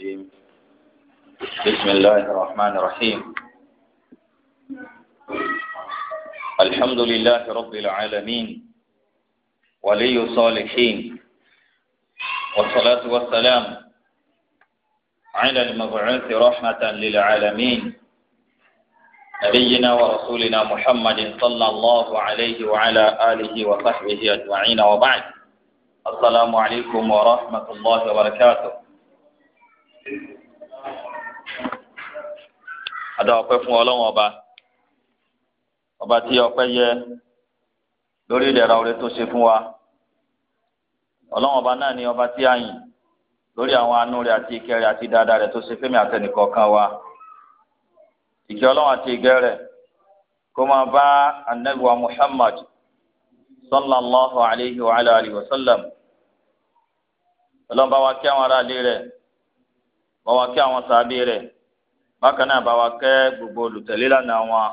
الرجيم بسم الله الرحمن الرحيم الحمد لله رب العالمين ولي الصالحين والصلاة والسلام على المبعوث رحمة للعالمين نبينا ورسولنا محمد صلى الله عليه وعلى آله وصحبه أجمعين وبعد السلام عليكم ورحمة الله وبركاته adá ọpẹ́ fún Ọlọ́run ọba ọba tí ọpẹ́ yẹ lórí ìdẹ̀ra oore tó ṣe fún wa Ọlọ́run ọba náà ni ọba tí a yìn lórí àwọn àánú rẹ̀ àti ìkẹ́ rẹ̀ àti dáadáa rẹ̀ tó ṣe fẹ́mi àtẹnìkọ̀ọ̀kan wa ìkẹ́ Ọlọ́run àti ìgẹ́ rẹ̀ kó máa bá Ànábì wa Muhammad sallallahu alayhi wa alayhi wa sallam Ọlọ́run bá wa kí àwọn ará ilé rẹ̀. bá wa kẹ́ àwọn sàábì rẹ̀ bákan náà bá wa kẹ́ gbogbo olùtẹ̀lé lánàá wọn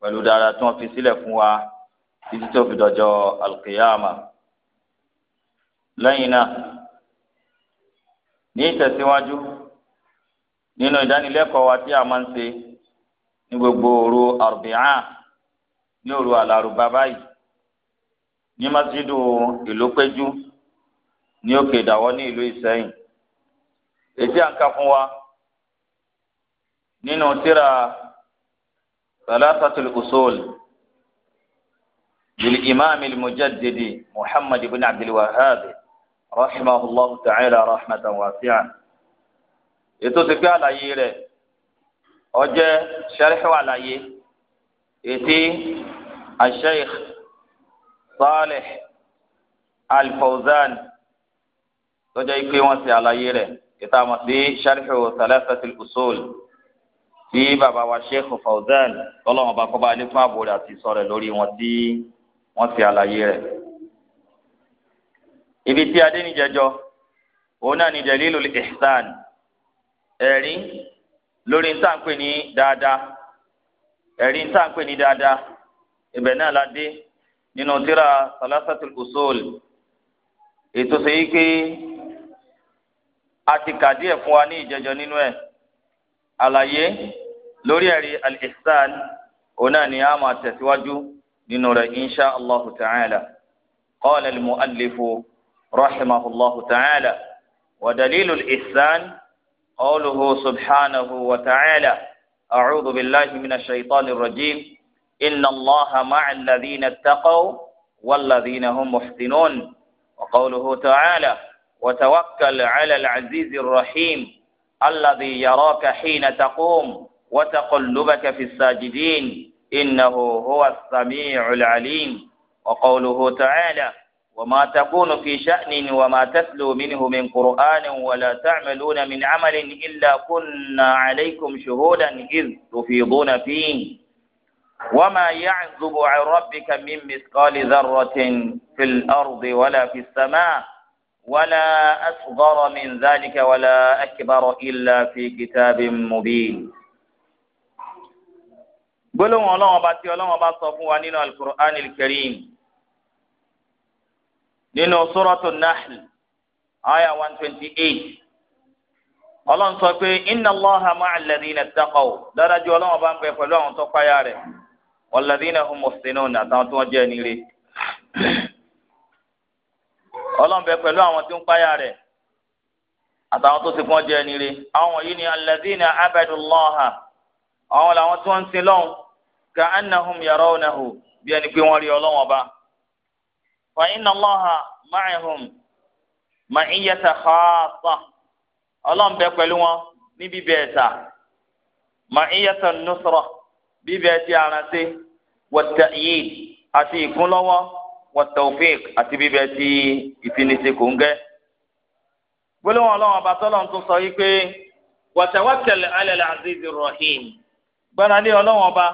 pẹ̀lú dáadáa tí wọ́n fi sílẹ̀ fún wa títí tó fi dọjọ́ alkiyama lẹ́yìn náà ní ìtẹ̀síwájú nínú ìdánilẹ́kọ̀ọ́ wa tí a máa ń ṣe ní gbogbo òru àrùbíà ní òru àlàrúbá báyìí ní masjidu ìlú péjú ní òkè ìdàwọ́ ní ìlú ìsẹ́yìn ètí àǹkà fún wa nínú tíra salasatul usul lil imaam il mujaddidi muhammad ibn abdul wahhab rahimahullahu ta'ala rahmatan wasi'an ètò ti pé àlàyé rẹ̀ ó jẹ́ sharh àlàyé ètí asheikh salih alfawzan tó jẹ́ pé wọ́n àlàyé rẹ̀ ìtààmù sí sharhu thalathatil usul tí bàbá wa sheikh Fawzan tọ́lọ́wọ́n bá kọ́ba ní fún àbúrò àti sọ̀rọ̀ lórí wọn tí wọ́n ti àlàyé rẹ̀. ibi tí adé níjẹjọ òun náà ni dalilul ihsan ẹ̀rí lórí ntá ń pè ní dáadáa ẹ̀rí ntá ń pè ní dáadáa ibẹ̀ náà la dé nínú tírà thalathatil usul ètò sèyí pé a ti kà díẹ̀ fún wa ní ìjẹjọ nínú ẹ̀ àlàyé lórí ẹ̀rí al-ihsan òun náà ni a máa tẹ̀síwájú nínú rẹ̀ insha allah ta'ala qala al-mu'allif rahimahu allah ta'ala wa dalilu al-ihsan qawluhu subhanahu wa ta'ala a'udhu billahi minash shaitanir rajim inna allaha ma'a alladhina ittaqaw والذين هم محسنون وقوله تعالى وتوكل على العزيز الرحيم الذي يراك حين تقوم وتقلبك في الساجدين إنه هو السميع العليم وقوله تعالى وما تكون في شأن وما تتلو منه من قرآن ولا تعملون من عمل إلا كنا عليكم شهودا إذ تفيضون فيه وما يعزب عن ربك من مثقال ذرة في الأرض ولا في السماء ولا أصغر من ذلك ولا أكبر إلا في كتاب مبين gbólóhùn ọlọ́run ọba tí ọlọ́run ọba sọ fún wa nínú alukur'an ilkarim nínú sọ́rọ́tò nahl aya one twenty eight ọlọ́run sọ pé inna allaha ma'a alladhina ittaqaw dáadájú ọlọ́run ọba ń bẹ pẹ̀lú àwọn tó páyà rẹ̀ walladhina hum muhsinun àtàwọn tó wọ́n jẹ́ nílé ọlọ́run bẹ pẹ̀lú àwọn tí ń páyà rẹ̀ àtàwọn tó ti pọ́n jẹ́ ẹni rẹ̀ àwọn wọ̀nyí ni alladhina abadullaha àwọn làwọn tí wọ́n ń sin lọ́hùn ka annahum yarawnahu bí ẹni pé wọ́n rí ọlọ́run ọba fa inna Allaha ma'ahum ma'iyyata khassa pẹ̀lú wọn ní bíbẹ̀ ẹ̀sà ma'iyyata nusra bíbẹ̀ ẹ̀sì àrántí wa ta'yid àti ìkúnlọ́wọ́ wọtọfik àti bíbẹ tí ìfinisi kò ń gẹ gbólóhùn Ọlọ́run ọba tọlọ́run tó sọ yìí pé wàtẹwàtẹlẹ alẹlẹ azizi rahim gbáralé Ọlọ́run ọba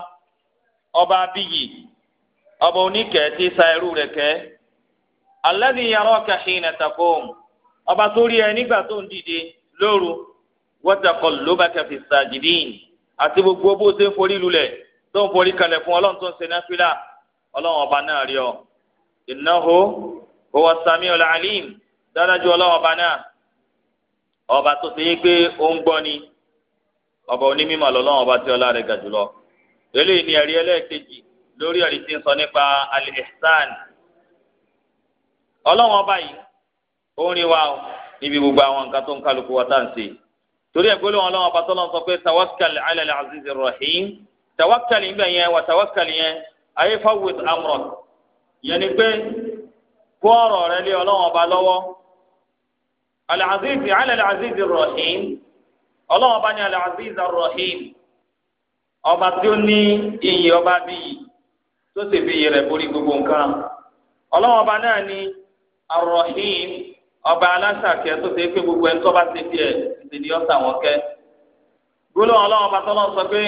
ọba abiyì ọba oníkẹ tí sa ẹrú rẹ̀ kẹ alẹni yaraka hina taqum ọba tó rí ẹ nígbà tó ń dìde lóru wataqallubaka fi sajidin àti gbogbo bó ṣe ń forí lulẹ̀ tó ń forí kalẹ̀ fún Ọlọ́run tó ń ṣe náfìlà Ọlọ́run ọba náà rí ọ innahu huwa samiul alim dáadájú ọlọ́wọ́ ọba náà ọba tó ṣe é pé ó ń gbọ́ ni ọba onímọ̀ lọ́lọ́wọ́ ọba tí ọlá rẹ̀ ga jùlọ. eléyìí ni ẹ̀rí ẹlẹ́ẹ̀kejì lórí ẹ̀rí tí ń sọ nípa al-ihsan ọlọ́wọ́n ọba yìí ó ń rí wa o níbi gbogbo àwọn nǹkan tó ń kálukú wa tá à ń ṣe torí ẹ̀ gbólóhùn ọlọ́wọ́n ọba tawakkal ala al-aziz rahim tawakkal yẹn wa tawakkal yẹn ayé fawwid amrak yẹn ni pé kó ọ̀rọ̀ rẹ lé ọlọ́wọ́n ọba lọ́wọ́ alazizi ala alazizi rahim ọlọ́wọ́n ọba ni alazizi rahim ọba tí ó ní iyì ọba bíyì tó sì fi iyì rẹ̀ borí gbogbo nǹkan ọlọ́wọ́n ọba náà ni arahim ọba aláṣàkẹ́ tó ṣe é gbogbo ẹni tó bá ṣe tiẹ̀ ti di ọ̀sà wọn kẹ́ gbólóhùn ọlọ́wọ́n ọba tó lọ́n sọ pé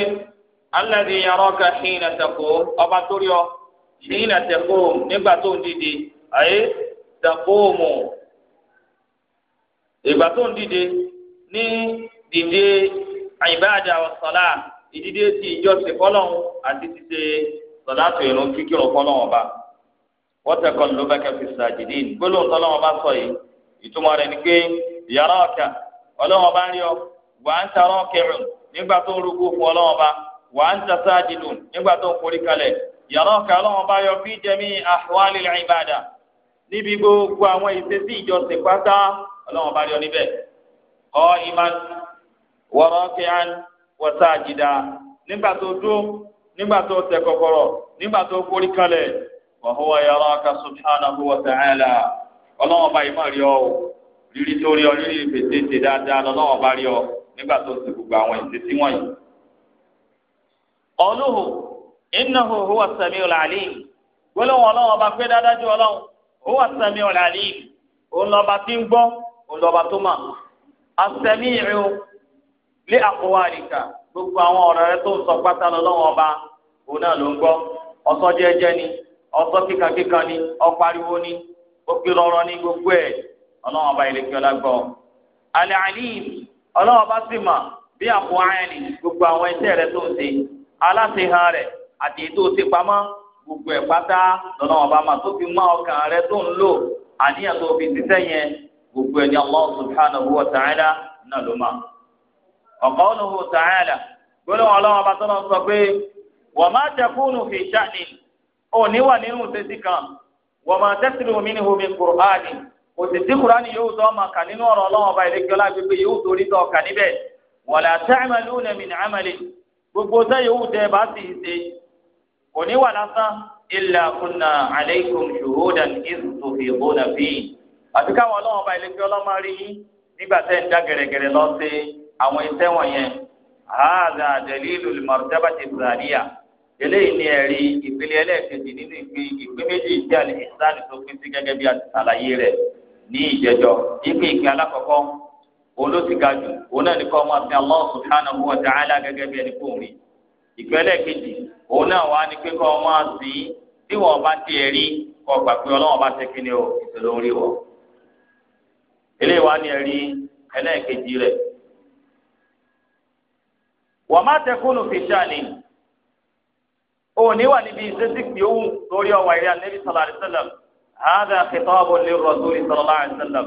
alladhi yaraka hina taqum ọba tó rí ọ. ṣéyìn àtẹkùn nígbà tó ń dìde àyè tẹkùnmù ìgbà tó ń dìde ní dìde àyìnbáàdà ọ̀sọ̀lá ìdíde ti ìjọsìn fọlọ́hún àti títẹ sọ̀dáàtò ìrún kíkìrọ̀ fọlọ́hún ọba wọ́n tẹ̀kọ́ ló bá kẹ́ fi gbólóhùn tọ́lọ́hún ọba sọ yìí ìtumọ̀ rẹ̀ ni pé yàrá ọ̀kà ọlọ́hún ọba ń rí ọ wà á ń tarọ́ kẹrùn nígbà tó ń rúgbó fún yaraka ọlọ́run bá yọ fi jami ahwalil ibada níbi gbogbo àwọn isesi ìjọsìn pátá ọlọ́run bá ọ níbẹ̀ qa'iman wa raki'an wa nígbà tó dún nígbà tó nígbà tó kalẹ̀ rí ọ rírí ọ rírí ṣe dáadáa innahu huwa as-sami'ul 'alim gbólóhùn ọlọ́run ọba pé dáadájú ọlọ́run huwa as-sami'ul 'alim tí ń gbọ́ gbogbo àwọn ọ̀rọ̀ rẹ tó ń sọ pátá lọ́wọ́ ọba òun náà ló ń gbọ́ ọ̀sọ́ jẹ́jẹ́ ni ni ni ni gbogbo ẹ̀ ọlọ́wọ́ ọba ìlẹ̀kẹ́ ọlágbọ́. alẹ́ alim ọlọ́wọ́ ọba sì mà bí gbogbo àwọn àti èyí tó ti pamọ́ gbogbo ẹ̀ pátá lọ́nà ọba máa tó fi mọ́ ọkàn rẹ tó ń lò àníyàn tó fi ṣiṣẹ́ yẹn gbogbo ẹ̀ ní Allah subhanahu wa ta'ala náà ló máa. gbọ́dọ̀ wọn lọ́wọ́ ọba tó sọ pé ma ọ fi sha'nin ò ní wà nínú ṣẹ́sì kan wa ma tatlu minhu yóò tó ọmọ kà nínú ọ̀rọ̀ ọlọ́wọ́ kò ní wà lásán illa kunna alaykum shuhudan iz tufiduna fi àti káwọn ọlọ́wọ́n bá ilé fi ọlọ́mọ rí yín nígbà tẹ́ ń dá gẹ̀rẹ́gẹ̀rẹ́ lọ sí àwọn iṣẹ́ wọ̀nyẹn hadha dalilul martabati thaniya eléyìí ni ẹ̀rí ìpele ẹlẹ́ẹ̀kejì nínú ìpín ìpín méjì tí a lè sáàlì tó pín sí gẹ́gẹ́ bí àlàyé rẹ̀ ní ìjẹjọ́ ìpín ìpín ìpẹ́lẹ̀ kejì òun náà wà ní pé kọ́ ọ máa sìn tí wọ́n bá tiẹ̀ rí kọ́ gbà pé ọlọ́wọ́n bá ti kí ni o ìṣòro orí wọ̀. eléyìí wà ní ẹ̀rí ẹlẹ́ẹ̀kejì rẹ̀. wọ́n má tẹkùnù fi ṣáàní òní wà níbi ìṣesí pé ó wù lórí ọwọ́ ìrìn àlẹ́bí sọ̀rọ̀ àdìsẹ́lẹ̀ hàdà kìtọ́ọ̀bù lè rọ̀ sórí sọ̀rọ̀ àdìsẹ́lẹ̀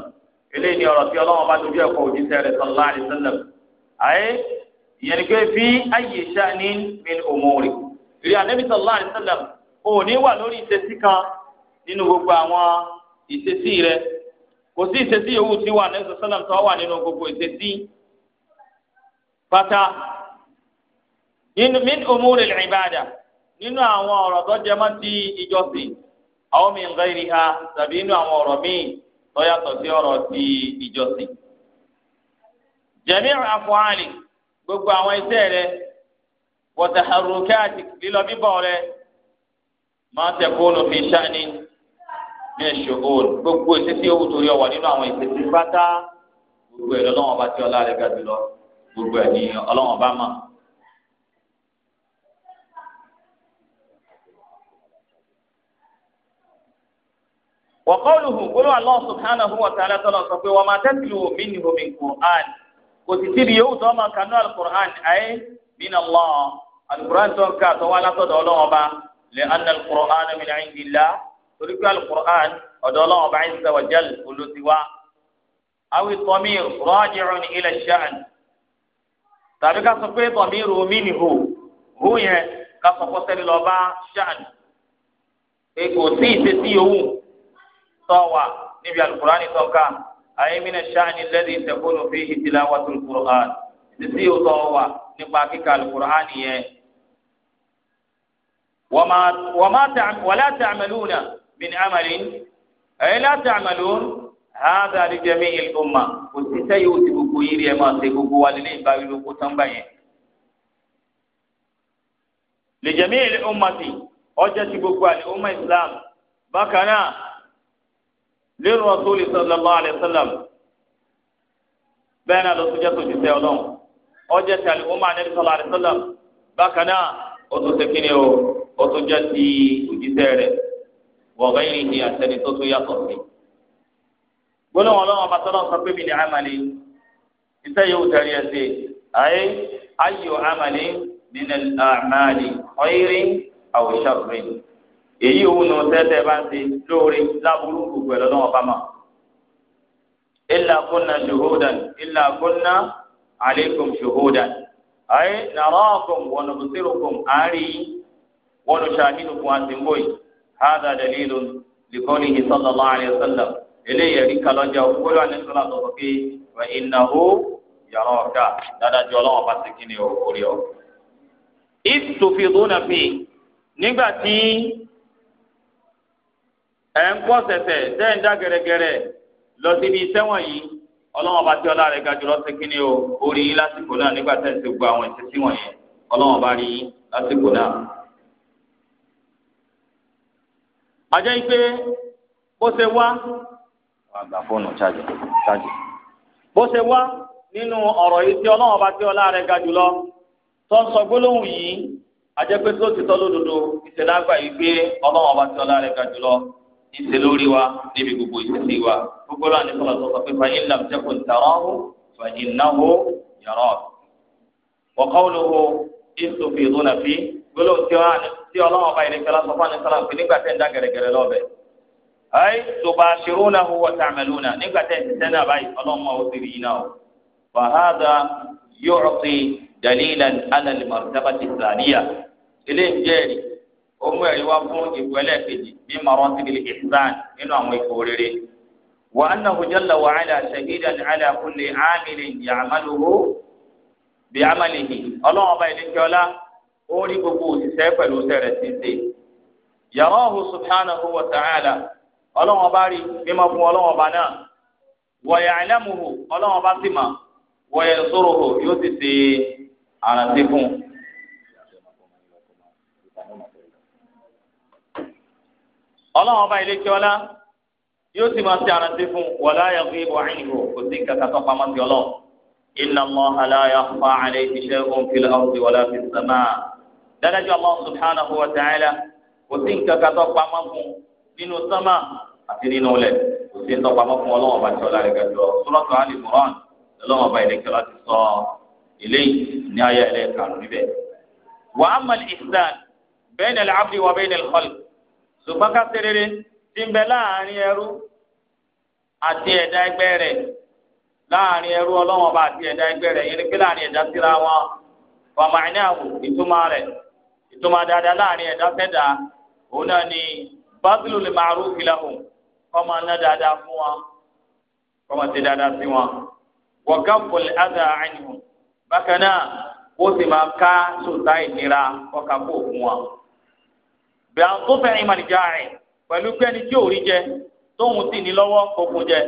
eléyìí ni ọ̀rọ̀ tí ọlọ́wọ́n bá dojú ẹ̀kọ́ òjíṣẹ́ rẹ̀ sọ̀rọ̀ àdìsẹ́lẹ̀ ìyẹn ni fi ayé min umuri! ìrìn ànábì sallallahu alaihi wasallam ò ní wà lórí ìṣesí kan nínú gbogbo àwọn ìṣesí rẹ kò sí ìṣesí yòówù tí wà ànábì sallallahu tó wà nínú gbogbo ìṣesí min umuri ìbàdà nínú àwọn ọ̀rọ̀ tó jẹ mọ́ ti ha tàbí nínú àwọn ọrọ tó yàtọ̀ sí gbogbo àwọn iṣẹ́ rẹ wọtaharukaati lílọ bíbọ̀ rẹ máa ń tẹkọ fi ṣáni ní ẹṣọ òòl gbogbo ìṣesí owó torí ọwà nínú àwọn ìṣesí pátá gbogbo ẹ lọ́lọ́run ọba tí ọlá rẹ̀ ga jùlọ gbogbo ẹ ní Ọlọ́run ọba mọ̀. wọ́n kọ́ lùhùn gbólóhùn Allah subhanahu wa ta'ala sọ pé wọ́n máa tẹ́tù mí nìhòmí kùrán kò sì síbi yòówù tó máa kanú alukur'an ayé min Allah alukur'an tó ń ká tó wá látọ̀dọ̀ ọlọ́wọ́n ba lè an alukur'an min indillah torí pé alukur'an ọ̀dọ̀ ọlọ́wọ́n ba azza wa jal olùtiwa awi tọ́mìr raji'un ila ash-sha'n tàbí ká sọ pé tọ́mìr omi ni hù hù yẹn ká sọ pé sẹ́ni lọ́ọ́ bá sha'n kò sí ìṣesí yòówù tọ́wà níbi alukur'an tó ń ká ayé mi náà ṣáàní lẹ́dí ìtẹ̀kùnú fi ìtìlá wà tó kùrán sísí òtọ́ wà nípa kíkà kùrán yẹn. wọ́n má tàmẹ́lúnà min amalin ẹ̀yẹ́ láti àmàlùn hàdà àdìjẹ́mí ìlúmà kò sí sẹ́yìn òsì gbogbo yìí rí ẹ̀ máa ṣe gbogbo wa lè ní ìbáwí lóko tán bá yẹn. lè jẹ́mí ìlúmà sí ti gbogbo àlè ọmọ ìsìlámù bákan náà lẹ́nu rasúlì sallallahu alayhi wa sallam bẹ́ẹ̀ náà ló tún jẹ́ tó ti tẹ́ ọlọ́run ọjọ́ ti àlè ọmọ àdébí sallallahu alayhi wa sallam bákan náà ó tún ṣe kíni o ó tún jẹ́ ti òjíṣẹ́ rẹ̀ wọ̀gá yìí ni àtẹni tó tún yàtọ̀ sí. gbọ́dọ̀ wọn lọ́wọ́ bàtọ́ sọ pé mi ní amali iṣẹ́ yóò tẹ̀lé ẹsẹ̀ ayé ayò amali min al-a'mali èyí òun nù tẹ́tẹ́ bá ń ṣe lóore láburú gbogbo ẹ̀ lọ́wọ́ bá ma. illa kunna shuhudan illa kunna alaykum shuhudan. ayé naraakum wa nubsirukum àárí wa nushahidukum àtìmóyì hada dalilun li qawlihi sallallahu alayhi wa sallam eléyìí ẹ̀rí kalọ́jà òkúlù àníṣọ́lá tó sọ́kè wa innahu yàrá ọ̀ká dáadáa ju ọlọ́wọ́n bá ti kí ni orí ọ. ìtòfin lónà fi nígbà tí ẹ̀ ń pọ̀ sẹ̀sẹ̀ tẹ́ ń dá gẹ̀rẹ́gẹ̀rẹ́ lọ síbi iṣẹ́ wọ̀nyí ọlọ́wọ́n bá tí ọlá rẹ̀ ga jùlọ sí kínní o orí yín lásìkò náà nígbà tẹ́ ń ti gba àwọn ìṣesí wọ̀nyí ọlọ́wọ́n bá rí yín lásìkò náà. àjẹ́ ìpè bó ṣe wá àgbà fóònù ṣáàjì ṣáàjì bó ṣe wá nínú ọ̀rọ̀ yìí tí ọlọ́wọ́n bá tí ọlá rẹ̀ ga jùlọ tó ń sọ gbólóhùn yìí àjẹ́ pé tó ti tọ́ lódodo ìṣẹ̀lẹ̀ àgbà yìí pé ọlọ́wọ́n bá tí ọlá rẹ̀ ga jùlọ níṣẹ́ lórí wa níbi gbogbo ìṣẹ́sí wa gbogbo náà ní sọ̀rọ̀ sọ̀rọ̀ pé fàyín làm tẹ́kùn tàrọ́hù fàyín náhù yàrá. wọ́kọ́wọ́lówó èso fi ìlú nà fi gbólóhùn tí ọlọ́run ọba ìrìnkẹ́ lásán fún àníṣe láǹfì nígbà tẹ́ ń dá gẹ̀rẹ́gẹ̀rẹ́ lọ́bẹ̀. ayé tòbá ṣerú náà hu wọ́tà àmẹ́lú náà nígbà tẹ́ ń ṣiṣẹ́ náà báyìí ọlọ́run máa ó ti rí i náà. fàhádà yóò ṣe dalilan alẹ́ lè mọ̀rẹ́ dábàtì sàníyà. eléyìí jẹ́rìí ó mú ẹ̀rí wá fún ipò ẹlẹ́ẹ̀kejì bí maratibil ihsan nínú àwọn ipò rere wa annahu jalla wa ala shahidan ala kulli amilin ya'maluhu bi amalihi ọlọ́run ọba ìdíkẹ́ ọlá ó rí gbogbo òṣìṣẹ́ pẹ̀lú sẹ̀rẹ̀ títì yarahu subhanahu wa ta'ala ọlọ́run ọba rí mímọ́ fún ọlọ́run ọba náà wa ya'lamuhu ọlọ́run ọba sì mọ̀ wa yansuruhu ọlọ́run ọba ilé kíọ́lá yóò sì máa ṣe àrántí fún wàlá yàgò ìbò àyìnbó kò sí kàkà tó pamọ́ sí ọlọ́run iná mọ́ aláya fa àlẹ́ iṣẹ́ òun fi lọ́wọ́ sí wàlá fi sàmà dáadájú Allah subhanahu wa ta'ala kò sí kàkà tó pamọ́ fún nínú sàmà àti nínú ilẹ̀ kò sí tó pamọ́ fún ọlọ́run ọba tí rẹ̀ gàdúrà sọ́lọ́tọ̀ àlè mọ́rán ọlọ́run ọba ilé kíọ́lá ti sọ eléyìí ní ayé ilé kàrún níbẹ̀. wàhámà ìsàn bẹ́ẹ̀ ni ṣùgbọ́n ká ṣe rere tí ń bẹ láàrin ẹrú àti ẹ̀dá ẹgbẹ́ rẹ̀ láàrin ẹrú ọlọ́wọ́n ọba àti ẹ̀dá ẹgbẹ́ rẹ̀ yẹn ni pé láàrin ẹ̀dá síra wọn ọmọ àìní àwò ìtumọ̀ rẹ̀ ìtumọ̀ dáadáa láàrin ẹ̀dá fẹ́dà òun náà ni bábílù lè máa rú ìfìlà hù kọ́mọ ná dáadáa fún wọn kọ́mọ ti dáadáa sí wọn. wọ́gá pọ̀lì ádà àìníhùn bákan náà ó sì máa ká sòtá ìnira bí a tó fẹ́ràn ìmọ̀lìjà rẹ̀ pẹ̀lú kẹ́ni tí ò rí jẹ tóun sì ní lọ́wọ́ jẹ.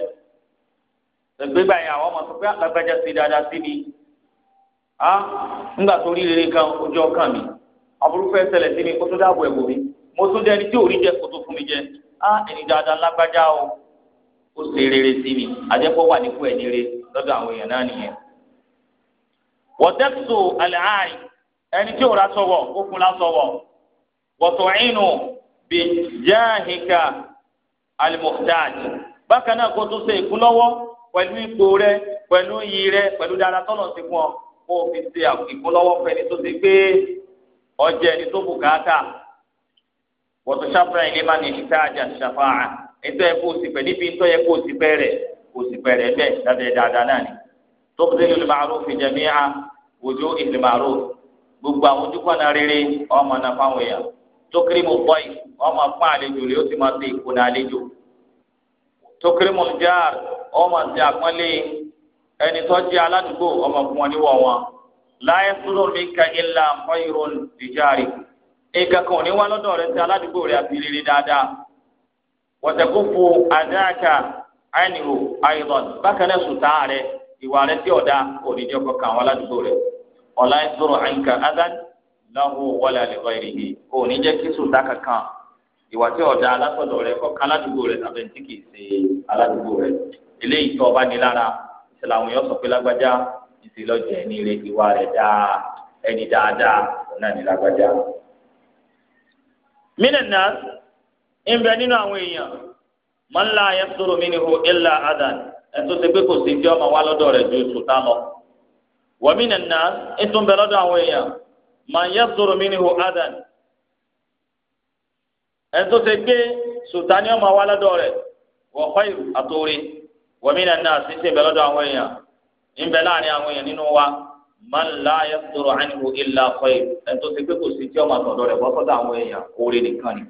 ẹgbẹ́gbà yẹn àwọn ọmọ sọ ah, sí dáadáa sí mi á ah, ńgbà tó rí rere kan ojú ọkàn mi àbúrúfẹ́ ṣẹlẹ̀ sí mi kó tó dáàbò ẹ̀wò mi mo tún dẹni tí ò rí jẹ kó tó fún mi ah, o ó rere sí mi àjẹpọ̀ wà nípò lọ́dọ̀ àwọn èèyàn náà nìyẹn. àlẹ́ àárín ẹni tí ò rà وتعينه bìjáhìkà المحتاج. bákan náà kó tún ṣe ìkúnlọ́wọ́ pẹ̀lú ipò rẹ pẹ̀lú iyì rẹ pẹ̀lú dára tọ́nà sí fún ọ kó o fi ṣe ìkúnlọ́wọ́ fẹ́ni tó ti gbé ọjà ẹni tó bùkátà wọ́tò ṣàpùrà ilé máa ní ìtajà ṣàfàà ètò ẹ̀kọ́ òsì pẹ̀ níbi ìtọ́ yẹ kó òsì bẹ̀rẹ̀ òsì bẹ̀rẹ̀ bẹ́ẹ̀ dábẹ́ dáadáa náà ni tó bá délé màrú fi jẹ̀mí à wòjó ìlú gbogbo àwọn ojúkọ̀nà rere ọmọ náà fáwọn èèyàn tókìrìmù bọ́ì wọ́n máa fún àlejò rẹ̀ ó sì máa ṣe ìkùnà àlejò tókìrìmù jáàr wọ́n máa ṣe àpọ́nlé ẹni tó jẹ́ aládùúgbò wọ́n máa fún wọn níwọ̀ wọn láyé sọ́dọ̀ mi ka ilà mọ́yìrún ìjáàrí nǹkan kan ò lọ́dọ̀ rẹ̀ aládùúgbò rẹ̀ àti dáadáa adáàkà bákan náà sùn táà ìwà ọ̀dà láwọn òwòlẹ̀ àlẹ́kọ̀ ìrìhì kò ní jẹ́ kí sùn dáka kan ìwà tí ọ̀dà alásọ̀dọ̀ rẹ kọ́ ká aládùúgbò rẹ tàbí tí kì í ṣe aládùúgbò rẹ eléyìí tó ọba ní lára ìṣẹ̀lẹ̀ àwọn èèyàn sọ pé lágbájá ìṣèlọ́jẹ̀ ẹni rẹ ìwà rẹ dáa ẹni dáadáa náà ní lágbájá. mínínà ń bẹ nínú àwọn èèyàn man la yasduru minhu illa adan ẹ̀tọ́ ti pé kò sí tí ọmọ lọ́dọ̀ rẹ̀ ju sùtá lọ. wọ́n mínínà ń tún bẹ lọ́dọ̀ àwọn èèyàn màá yẹ sọ̀rọ̀ mi ni hù adan ẹni tó ṣe gbé sùtánì ọmọ wa lọ́dọ̀ rẹ̀ wọ́n kọ́ ìlú àtòrí wọ́n mi nà ní àṣìṣe bẹ̀ lọ́dọ̀ àwọn èèyàn ń bẹ láàrin àwọn èèyàn nínú wa màá là yẹ sọ̀rọ̀ ànihù ìlà kọ́ ìlú gbé kò sí tí ọmọ àtọ̀dọ̀ rẹ̀ bọ́sọ̀dọ̀ àwọn èèyàn orí nìkan ni.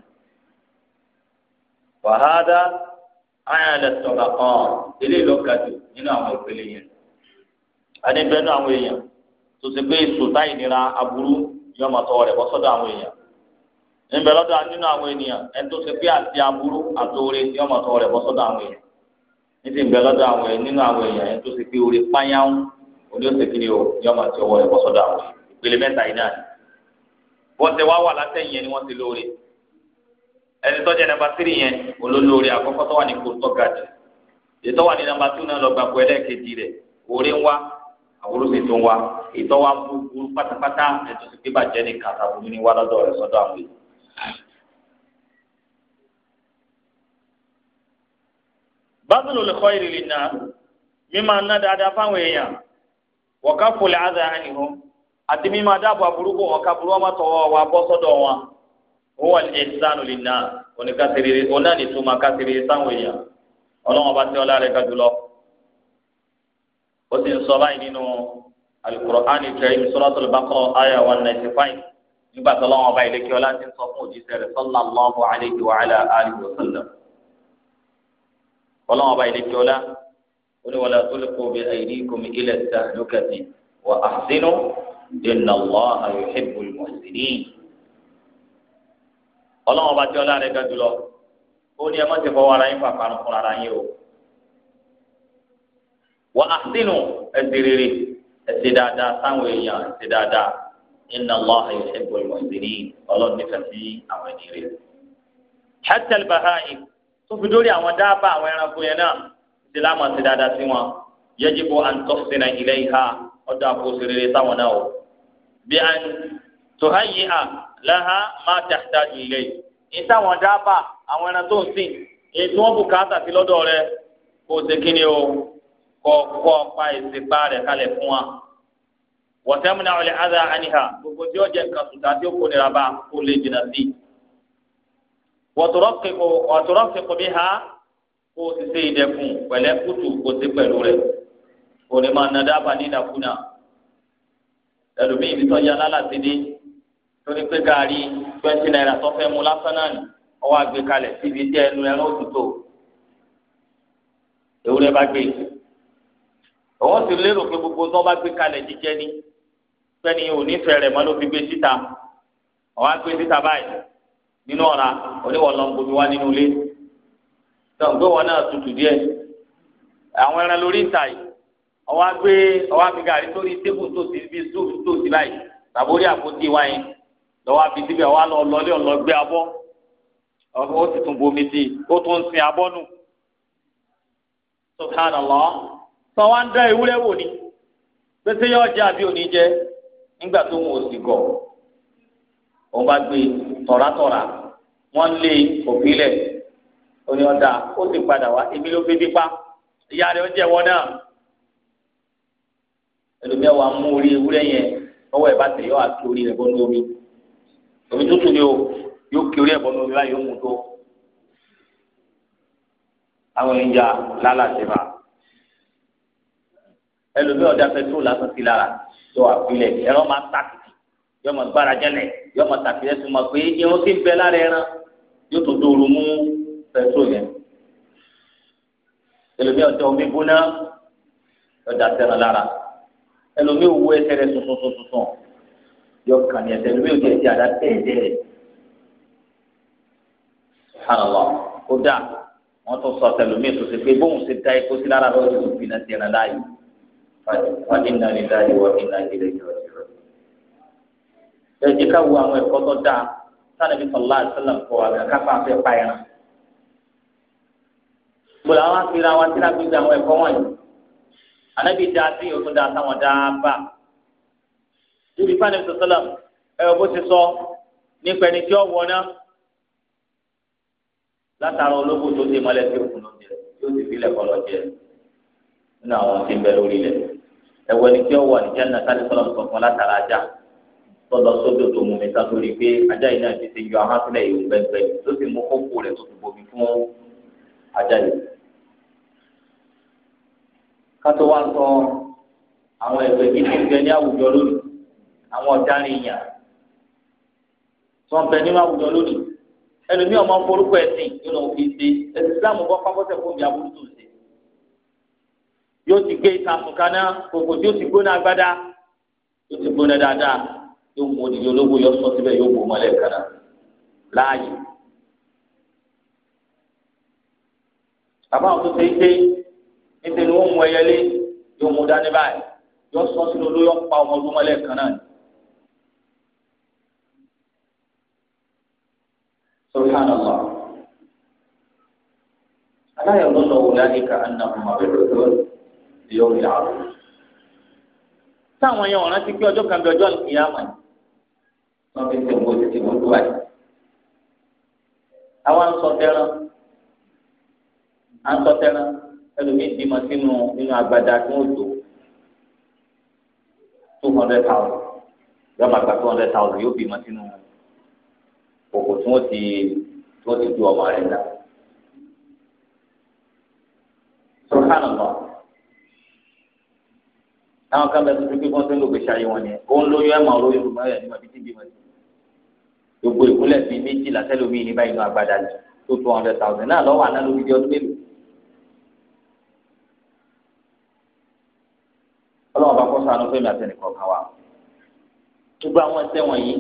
wàhádà ayàlẹ̀ sọ̀rọ̀ kan ilé ìlọ́kadì nínú àwọn ìpele yẹn. adébẹ́nu àwọn èèyàn tó ṣe pé sòtá ìnira aburú yóò máa tọwọ́ rẹ̀ bọ́ sọ́dọ̀ àwọn èèyàn níbẹ lọ́dọ̀ nínú àwọn ènìyàn ẹni tó ṣe pé àti aburú àwọn èèyàn níbi lọ́dọ̀ àwọn nínú àwọn èèyàn ti àwọn èèyàn ìpele mẹ́ta yìí náà ni wọ́n ti wá wà ti lóore ẹni ìtọ́wá gbogbo pátápátá ètò ìpè bàjẹ́ ní kàtà bùnú ní wàlọ́dọ̀ rẹ̀ sọ́dọ̀ àwọn èèyàn. bábìlì olùkọ́ ìrìlì náà mímọ ná dáadáa fáwọn èèyàn wọ̀ká fòlẹ̀ àdá ànìhó àti mímọ dáàbò àbúrúkọ wọn kábúrú ọmọ tọwọ́ wa bọ́ sọ́dọ̀ wọn ó wà ní ìsánù lè ná oníkàtìrì ọ̀nà kàtìrì sáwọn èèyàn ọlọ́wọ́n bá tẹ́ ọ lára ẹ̀ka ó sì ń sọ báyìí nínú alukur'ani kẹrin suratul baqara aya one ninety five nígbà tó lọ́wọ́ ọba ilé kíọ́lá ti ń sọ fún òjíṣẹ́ rẹ̀ sallallahu alayhi wa ala alihi wa sallam ọlọ́wọ́ ọba ilé kíọ́lá ó ní wala tulqu bi aydikum ila tahlukati wa ahsinu inna Allaha yuhibbul muhsinin ọlọ́wọ́ ọba kíọ́lá rẹ̀ ga jùlọ ó ní ẹ ti fọwọ́ ara yín fàkàrùn fún ara yín o wa ahsinu ẹ̀ ẹ ṣe dáadáa sáwọn èèyàn ẹ ṣe dáadáa inna Allaha yuhibbul muhsinin ọlọ́run nífẹ̀ẹ́ sí àwọn ẹni rẹ̀. hatta al-baha'im tó fi dórí àwọn dábàá àwọn ẹranko yẹn náà ṣe láàmú ṣe dáadáa sí wọn yajibu an tuhsina ilayha ọdọ àkóso rere sáwọn náà o bí an tuhayyi'a laha ma tahtaju ilayhi ìtàwọn dábàá àwọn ẹran tó ń sìn èyí tí wọ́n bùkátà sí lọ́dọ̀ rẹ̀ kó o kíni o kọ́kọ́ pa ìsìnká rẹ̀ kalẹ̀ fún wa wọ́tẹ́múnà ọ̀lẹ́ àdá àníhà gbogbo tí ó jẹ́ nǹkan tuntun àti òkú nira bá kó lè jìnnà sí i wọ́tọ́rọ́fìkù bí ha kó o ti ṣe ìdẹ́kun pẹ̀lẹ́ kùtù kó o ti pẹ̀lú rẹ̀ kò ní máa nàdá bá ní ìdàkúnà ẹlòmíì ìbítọ́ ya lálàtí dé torí pé gaari twenty naira tó fẹ́ mu lásán náà ni ọwọ́ àgbékalẹ̀ síbi tí ẹnu ẹran òtútù ewúrẹ́ bá gbé yìí òun ti lérò pé gbogbo tó bá gbé kalẹ̀ jíjẹ ni sẹ́ni ò ní fẹ̀rẹ̀ mọ́ ló fi gbé síta ọ̀wá gbé síta báyìí nínú ọ̀ra oníwọ̀lọ́ ń bomi wá nínú ilé tó ń gbé wọn náà tutù díẹ̀ àwọn ẹran lórí ìta yìí ọwọ́ gbé ọwọ́ fi gàrí sórí tébù tó ti fi sùn tó ti báyìí tàbórí àpótí wáyé lọ́wọ́ fi síbẹ̀ wá lọ lọ́lé ọ̀lọ́gbé abọ́ ó sì tún bomi sí i ó tún sin abọ́ nù subhanallah sọ wá ń dán ewúrẹ́ wò ni pèsè yóò jẹ àbí òní jẹ nígbà tó ń wò gọ̀ òun bá gbé tọ̀ràtọ̀rà wọ́n lé òfìlẹ̀ òní ọ̀dà ó sì padà wá ebi ló fi bípa ìyá rẹ̀ ó jẹ́ wọn náà ẹlòmíà wa mú orí ewúrẹ́ yẹn ọwọ́ ẹ̀ bá tẹ̀ yọ àti orí rẹ̀ bọ́nú omi omi tútù ni o yóò kí orí ẹ̀ bọ́nú omi báyìí ó mú tó àwọn èèyàn lálàsẹ̀ máa ẹlòmíì ọ̀dà pẹ̀tró lásán sí lára yọ àpilẹ̀ ẹ̀rọ máa ń tàkìtì yọ máa gbára jẹ́lẹ̀ yọ máa tàkìtì sùn máa pé irun tí ń bẹ lára ẹran yóò tó dòrò mú pẹ̀tró yẹn ẹlòmíì ọ̀dà omi gbóná ọ̀dà sẹ́ran lára ẹlòmíì owó ẹsẹ̀ rẹ̀ tuntun tuntun tuntun yọ kàn ní ẹsẹ̀ ẹlòmíì òkè ẹsẹ̀ àdá tẹ̀ẹ̀dẹ̀ subhanallah kódà wọn tún sọ ẹlòmíì tó ṣe pé bóun ṣe da epo sí lára lọ́wọ́ tó fi náà ti ẹ̀ràn láàyè fàdínà nílá ìwọ nílá ìlẹ ìjọsìn rẹ. ẹ̀jẹ̀ ká wo àwọn ẹ̀kọ́ tó dáa sanabi sọlá àṣẹlẹ̀ kọ́ àgàkà fẹ́ pààyàn. gbọ́dọ̀ àwọn akiri àwọn akiri àgbègbè àwọn ẹ̀kọ́ wọ̀nyí. anabi dáa sí yòókù dáa sáwọn dáa bá. ibi fanabi sọsọlá ẹ ọ bó ti sọ nípa ẹni tí ó wọ náà látara ológun tó ti mọ́lẹ̀ sí òkun lóúnjẹ yóò ti fi ilẹ̀ kọ́ lọ jẹ nínú àwọn tí ń bẹ lórí ilẹ̀ ẹwọ ni tí ó wà nìjẹ́ náà sáré sọlọ nǹkan kan látara ajá tọlọ sódò tó mú mi sá lórí pé ajá yìí náà ti ti yọ ahọ́n sílẹ̀ yìí gbẹgbẹ tó sì mú kókó rẹ̀ tó ti bomi fún ajá yìí. kátó wá sọ àwọn ẹgbẹ́ yìí ti ń bẹ ní àwùjọ lónìí àwọn ọ̀daràn èèyàn tó ń nínú àwùjọ lónìí ẹlòmíì ọmọ forúkọ ẹ̀sìn nínú òfin ṣe ẹ̀sìn islam bọ́ pápọ́sẹ̀ fún mi àbúrò tó ṣe yóò ti gbé ìtàkùn kaná gbogbo tí yóò ti gbóná agbádá yóò ti gbóná dáadáa yóò mú odidi ológun yóò sọ síbẹ̀ yóò bò mọ́lẹ̀ kaná láàyè. bàbá àwọn tó ṣe é ṣe níṣẹ́ ni wọ́n mú ẹyẹlé yóò mú dání báyìí yóò sọ sínú olóyè ọ̀pá ọmọ ọdún mọ́lẹ̀ kaná ni. subhanallah aláyọ̀ lọ́nà wò láyé ká ànàmọ́ yóò yà á lò. táwọn yẹn ọ̀ràn ti pé ọjọ́ kan bí ọjọ́ ìyá mọ̀ wọ́n fi ṣe nǹkan títí gbogbo wa yìí. àwa ń sọ tẹ́ran à ń sọ tẹ́ran ẹlòmíì bímọ sínú nínú agbada tí wọ́n tó two hundred thousand yóò gba two hundred thousand yóò bímọ sínú òkò tí wọ́n ti tí wọ́n ti ju ọmọ rẹ̀ dá. sọ̀rọ̀ hàn lọ́wọ́ táwọn kan bẹ tuntun pé wọ́n ti ń lò gbèsè ayé wọn yẹn òun lóyún ẹ̀ mọ̀ lóyún ìrùmọ̀ ẹ̀ níwọ̀n títí bí wọ́n ti gbogbo ìkúnlẹ̀ bíi méjìlá sẹ́lómìn ní báyìí ní agbada ní tó two hundred thousand náà lọ́wọ́ àná lórí ọdún mélòó. ọlọ́run bá kọ́ sànú fẹ́mi àtẹnìkọ̀ kan wa. gbogbo àwọn ẹsẹ̀ wọ̀nyí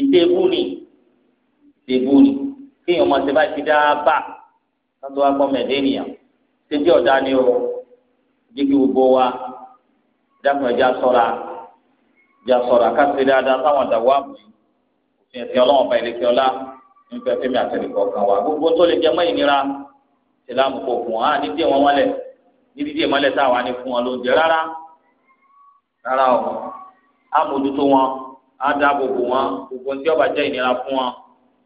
ìdébù ni ìdébù ni kéèyàn máa ṣe báyìí ti dáábàá látọ̀ o jẹ́ kí gbogbo dákun ẹja ṣọ́ra ẹja ṣọ́ra kásìrì dáadáa sáwọn àdàwọ àmì òfin ẹsẹ Ọlọ́run ọba ìlẹkẹ ọlá nípa fẹmi àtẹnìkọ kan wa gbogbo tó lè jẹ mọ́ ìnira ìsìlámù kò fún wa ní díẹ̀ wọn mọ́lẹ̀ ní díẹ̀ mọ́lẹ̀ tá a wà ní fún wọn lóúnjẹ rárá rárá o amójútó wọn á dáàbò bò wọn gbogbo tí ọba jẹ ìnira fún wọn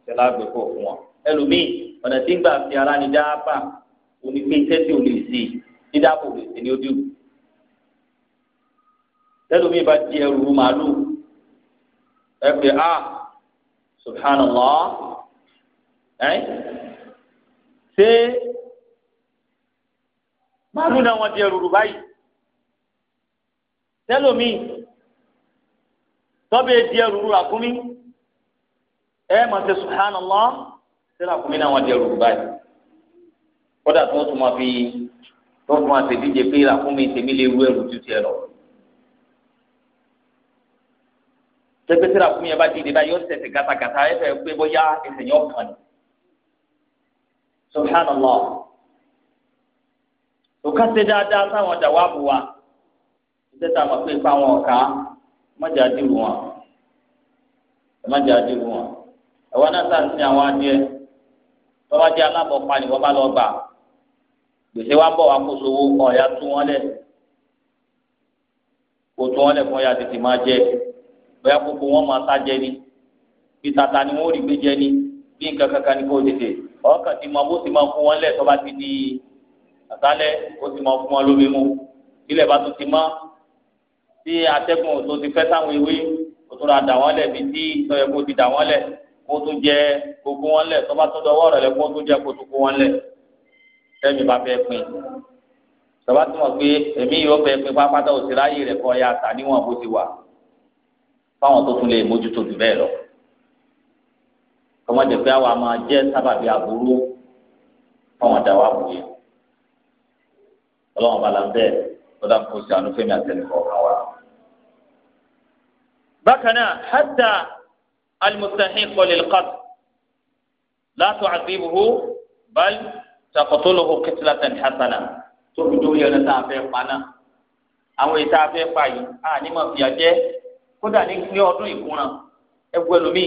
ìsìlámù kò fún wọn ẹlòmíì ọ̀nà tí ń gbà fi ara ní dáàbà onípe iṣẹ́ tí dídáàbò lè ṣe ní ó dìbò tẹlifí bá di ẹrù màálù ẹ pé a ah, subhanallah ẹ ṣé màálù náà wọn di ẹrù báyìí tẹlifí tọ́bẹ̀ di ẹrù ràkúnmí ẹ máa ṣe subhanallah ṣé ràkúnmí náà wọn di ẹrù báyìí kódà tó tún máa fi tó tún máa ṣe díje pé ràkúnmí tèmi lè wú ẹrù tuntun ẹ lọ. sẹgbẹsẹrẹ àkúnyẹ yẹn bá dìde báyìí yóò ṣẹ̀ṣẹ̀ gàtàgàtà ẹfẹ pé bóyá ẹsẹ̀ yẹn ọkàn ni subhanallah òkà ṣe dáadáa sáwọn ọjà wàá bù wa ìṣẹ́ tá a mọ̀ pé ipa wọn ọ̀ka mọ̀jà dìrù wọn mọ̀jà dìrù wọn ẹ̀wọ́n náà sá sí àwọn adìẹ tọ́wọ́ jẹ́ alábọ̀pá ni wọ́n bá lọ gbà gbèsè wa ń bọ̀ wá kó sowó ọ̀ya tú wọn lẹ̀ kó tú wọn lẹ̀ fún ọ̀ya tètè máa jẹ́ ẹ̀ bóyá gbogbo wọn máa sá jẹ ni bí tata ni wọn ò rí gbé jẹ ni bí nǹkan kankan ni kò tètè ọkàn ti máa bó ti máa fún wọn lẹ tó bá ti di àtàlẹ ó ti máa fún wọn lómi mu ilẹ̀ bá tún ti mọ́ tí atẹ́gùn tó ti fẹ́ sáwọn ewé kó tó ra dà wọ́n lẹ̀ bí tí sọ̀yẹ́ kó ti dà wọ́n lẹ̀ kó tún jẹ gbogbo wọn lẹ̀ tó dọwọ́ rẹ̀ lẹ̀ kó tún jẹ kó tún kó wọn lẹ̀ tẹ́mi bá fẹ́ pin tọ́ba tún mọ̀ pé èmi yóò fẹ́ pin pápátá òsì ráyè rẹ̀ kọ́ ya tà níwọ̀n bó ti wà fáwọn tó tún lè mójútó jù bẹ́ẹ̀ lọ kọ́mọdé pé àwa máa jẹ́ sábàbí aburú fáwọn dáwà bòye ọlọ́wọ́n bá la ń bẹ́ẹ̀ lọ́dà kó sí àánú fẹ́mi àtẹnukọ̀ kan wa. bákan náà hatta al-mustahiq lil-qatl la tu'adhibuhu bal taqtuluhu qitlatan hasana tó fi dúró lọ́sàn-án fẹ́ pa náà àwọn ètò afẹ́ pa yìí àní mọ̀ fìyà jẹ́. kódà ní ọdún ìkúnra ẹgbẹ́ ẹlòmíì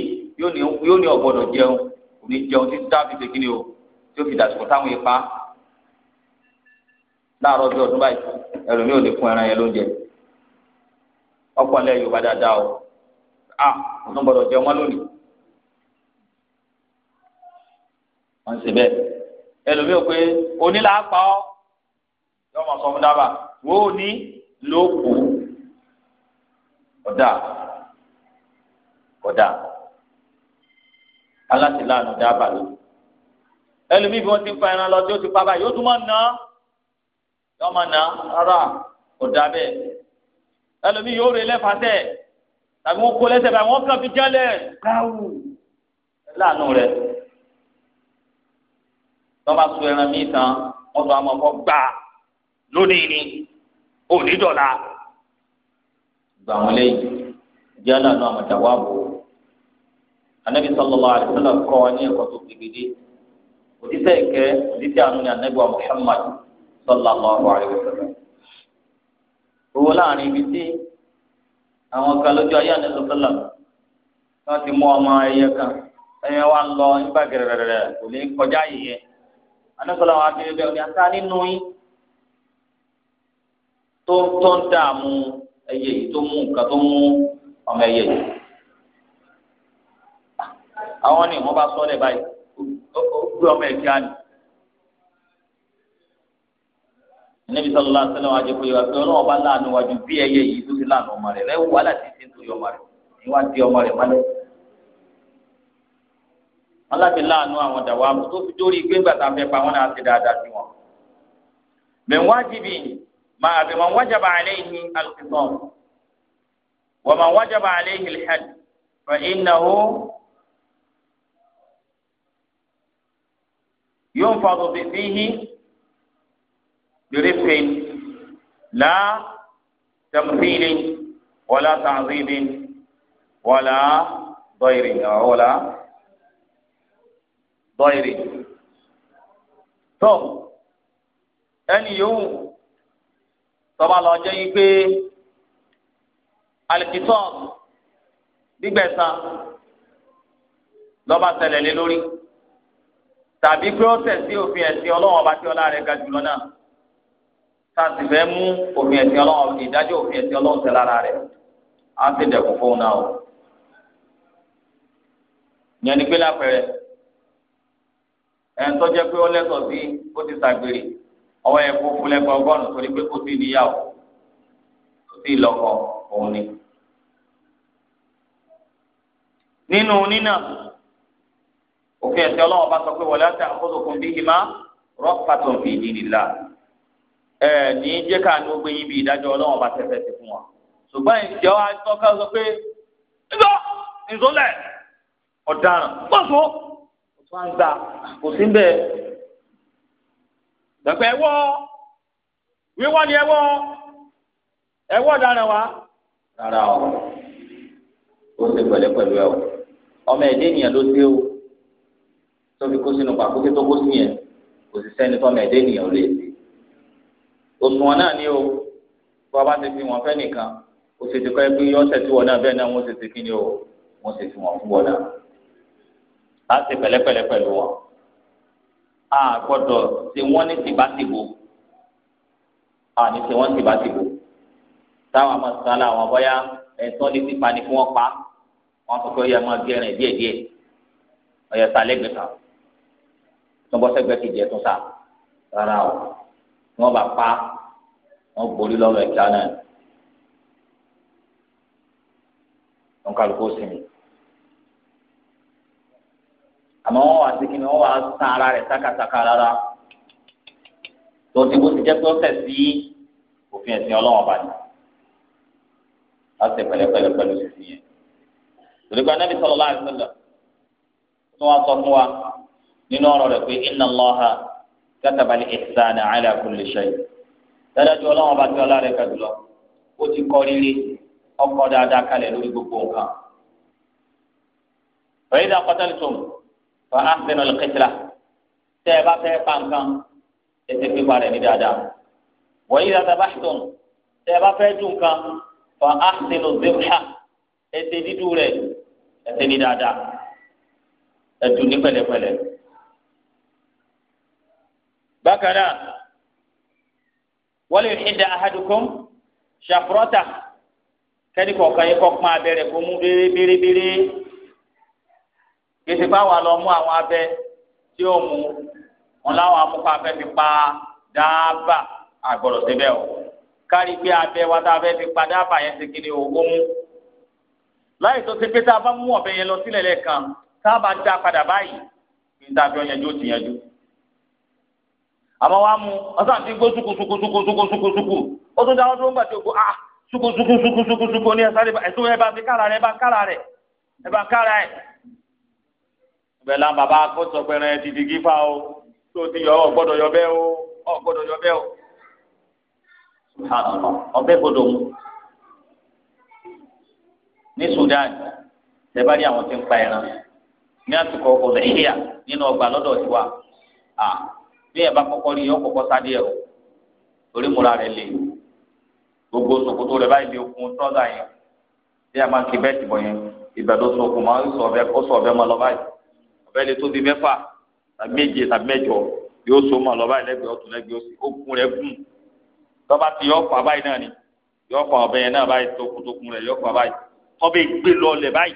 yóò ní ọ̀gbọ́dọ̀ jẹun kò ní jẹun títí tá a fi ṣe kí ni o tí ó fi dàsìkò táwọn ipa láàárọ̀ bí ọdún báyìí ẹlòmíì ò ní fún ẹran yẹn lóúnjẹ ọ̀pọ̀ lẹ́yìn yorùbá dáadáa o a kò tún jẹun wọn lónìí ṣe ò pé onílà á pa yọmọ ni kódà kódà alátìláàánú dábàá ló ẹlòmíì bí wọ́n ti ń fa ẹran lọ tí ó ti pa báyìí ó tún máa ná yóò máa ná rárá kódà bẹ́ẹ̀ ẹlòmíì yóò rè lẹ́fàtẹ́ tàbí wọ́n kó lẹ́sẹ̀ báyìí wọ́n kàn fi jálẹ̀ káwù láàánú rẹ̀ tọ́ bá sun ẹran míì tán wọ́n tún á mọ̀ gbà lónìí ni òní dọ̀la gbà wọn lẹ́yìn jálá náà àmọ̀dá wà bò ó anabi sallallahu alaihi wasallam kọ́ wa ní ẹ̀kọ́ tó gbẹgbẹdẹ òtítẹ́ ìkẹ́ òtítẹ́ àánú ni anabi wa muhammad sallallahu alaihi wasallam owó láàrin ibi tí àwọn kan lójú ayé anabi sallam wọn ti mú ọmọ ẹyẹ kan ẹyẹ wa ń lọ nípa gẹrẹrẹrẹ kò lè kọjá yìí anabi sallam wa fi bẹ ọ ní ata nínú yín tó tó ń dààmú. ẹyẹ yìí tó mú nǹkan tó mú ọmọ ẹyẹ yìí àwọn ni wọn bá sọ ọ báyìí ó gbé ọmọ ẹ kíá ni níbi sọlọ láti sẹlẹ wọn pé bá láàánú wájú bí ẹyẹ yìí tó ti láàánú ọmọ rẹ rẹ wà láti ṣe nítorí ọmọ rẹ di ọmọ rẹ wọn láti láàánú àwọn dàwọn tó fi dórí wọn náà ti dáadáa sí wọn ما بمن وجب عليه القصاص ومن وجب عليه الحد فإنه ينفض فيه برفق لا تمثيل ولا تعظيم ولا ضير ولا ضير ثم أن يوم tọ́ba lọ jẹ́ yín pé alikitọ́ gbígbẹ̀san lọ́ba tẹ̀lẹ̀ lé lórí tàbí pé ó tẹ̀sí òfin ẹ̀sìn ọlọ́wọ́n ọba tí ọlá rẹ̀ ga jùlọ náà sáàsì fẹ́ mú òfin ẹ̀sìn ọlọ́wọ́n ìdájọ́ òfin ẹ̀sìn ọlọ́wọ́n tẹ̀ lára rẹ̀ á sì dẹ̀kun fóun náà o yẹn ni pé lápẹ̀rẹ̀ ẹ̀ ń tọ́jẹ́ pé ó lẹ́sọ̀ sí ó ti ṣàgbèrè ọwọ́ yẹn kó fún lẹ́gbẹ̀ẹ́ ọgọ́rùn-ún torí pé kò sí níyàwó kò sí lọ́kọ òun ni. nínú nínà òfin ẹ̀sìn ọlọ́wọ́n bá sọ pé wọlé àti àkóso kò bí ìmá rọ́pàtó fi ìdílìlá ẹ ní jẹ́ ká ní ó yín bí ìdájọ́ ọlọ́wọ́n bá tẹ̀fẹ́ sí fún wa ṣùgbọ́n ìjọ àtọ́ká sọ pé ńlọ ìzọlẹ̀ ọ̀daràn pọ̀ṣọ́ ọ̀tún àgbà kò sí bẹ́ẹ̀ dọ̀pẹ́ ẹ̀wọ́ wíwọ́ ni ẹ̀wọ́ ẹ̀wọ́ dára wa. rárá o ó ṣe pẹ̀lẹ́ pẹ̀lú ẹ̀ o ọmọ ẹ̀dẹ́ ènìyàn ló ṣe o tó fi kó sínú pàkókè tó kó sí yẹn kò sì sẹ́ni tọ́mọ ẹ̀dẹ́ ènìyàn ò lè ṣe òṣùwọ̀n náà ni o bí wọ́n bá ti fi wọn fẹ́ nìkan ó ṣe ti kọ́ ẹ pé ọ̀sẹ̀ tí wọn náà bẹ́ẹ̀ náà wọ́n ṣe ti kí ni o wọ́n ṣe ti wọn fún wọn náà á ṣe pẹ̀lẹ́pẹ̀lẹ́ pẹ̀lú wọn a gbọ́dọ̀ ṣe wọ́n ní tìbátìbò a ní ṣe wọ́n tìbátìbò táwọn amọ̀sálà àwọn bọ́yá ẹ̀sán ní pípa ni kí wọ́n pa wọ́n sọ pé ó yẹ máa gẹ́rìn díẹ̀díẹ̀ ọ̀yẹ̀ sálẹ́gbẹ̀ẹ́ kan tó bọ́ sẹ́gbẹ̀ẹ́ kejì ẹ̀ tún sá rárá o tí wọ́n bá pa wọ́n borí lọ́rọ̀ ẹ̀ka náà wọn kálukú sinmi. àmọ́ wọ́n wà síkì ni wọ́n san ara rẹ̀ sákàtàkà rárá tó ti bó ti jẹ́ pé ó tẹ̀ sí òfin ẹ̀sìn ọlọ́wọ́n bá láti pẹ̀lẹ́pẹ̀lẹ́ pẹ̀lú sísìn yẹn tòlípa Ànábì sallallahu alaihi wasallam tó wá sọ fún wa nínú ọ̀rọ̀ rẹ̀ pé inna Allaha kataba al-ihsana ala kulli dájú ọlọ́wọ́n bá ti ọlá jùlọ ó ti kọ́ ọkọ̀ dáadáa kalẹ̀ lórí gbogbo nǹkan. fa ahsinu al-qitla tẹ́ ẹ bá fẹ́ pa nǹkan ètò pípa rẹ̀ ní dáadáa wa idha dabahtum tẹ́ ẹ bá fẹ́ dùn nǹkan fa ahsinu az-zabha ètò dídú rẹ̀ ètò ní dáadáa ẹ̀dùn ní pẹ̀lẹ́pẹ̀lẹ́ bákan náà wọ́n lè ṣe kẹ́ni kọ̀ọ̀kan yẹn kọ́ pọ́n abẹ́rẹ́ kó mú bérebére kìsì báwa lọ mú àwọn abẹ tí ó mú wọn láwọn amúkọ abẹ fi pa dáàbà àgbọ̀dọ̀ síbẹ̀ o kárí pé abẹ wa tá a fẹ́ fi pa dáàbà yẹn ti kiri o ó mú láì tó ti pé tá a bá mú ọ̀bẹ yẹn lọ sílẹ̀ lẹ́ẹ̀kan tá a bá dá padà báyìí kí n ta fi ọ̀yẹ́jú ó ti yanjú àmọ́ wa mu ọ̀sán àti gbó sukusukusukusukusukusuku ó tún dáwọ́ dúró ń gbà tí o kó ah sukusukusukusuku ní ẹ̀sán ẹ̀sùn ẹ̀ bá fi kára rẹ̀ ẹ̀ bá kára rẹ̀ ẹ̀ bá kára ẹ̀ gbẹ̀lá bàbá akọ́sọ̀ pẹ̀rẹ̀ dìdì gífà o tó ti yọ ọ gbọ́dọ̀ yọ bẹ́ẹ̀ o ọ gbọ́dọ̀ yọ bẹ́ẹ̀ o. ọbẹ̀ gbọ́dọ̀ mu ní Sudan tẹ́bá ní àwọn tí ń pa ẹran ní àsìkò ọ̀dọ̀ ìhíyà nínú ọgbà lọ́dọ̀ tiwa bí ẹ̀ bá kọ́kọ́ rí yọ kọ́kọ́ sáré ẹ̀ o torí múra rẹ̀ lè gbogbo ṣòkòtò rẹ̀ báyìí lè okun trọ́dà yẹn bí a máa kí bẹ́ẹ̀ tìbọ̀ yẹn ìbẹ̀dọ̀ sọ̀kùn máa ń sọ̀ ọ̀bẹ kó sọ̀ ọ̀bẹ máa lọ báyìí fẹ́ni tó di mẹ́fà tàbí méje tàbí mẹ́jọ yóò so mọ́ lọ́ba ìlẹ́gbẹ̀ẹ́ ọ̀tún lẹ́gbẹ̀ẹ́ òsì okùn rẹ̀ gùn tọ́ba ti yọ fà báyìí náà ni yọ fà ọ̀bẹ yẹn náà báyìí tókùtókùn rẹ̀ yọ fà báyìí tọ́ba gbé lọlẹ̀ báyìí